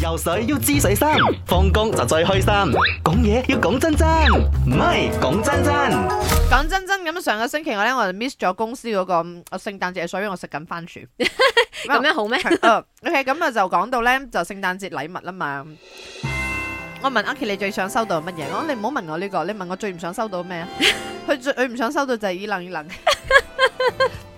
遊水要知水深，放工就最開心。講嘢要講真真，唔係講真真。講真真咁，上個星期我咧我就 miss 咗公司嗰個聖誕節，所以我食緊番薯。咁樣好咩？哦，OK，咁啊就講到咧就聖誕節禮物啦嘛。我問阿琪你最想收到乜嘢？我你唔好問我呢個，你問我最唔想收到咩？佢最佢唔想收到就係伊能伊能。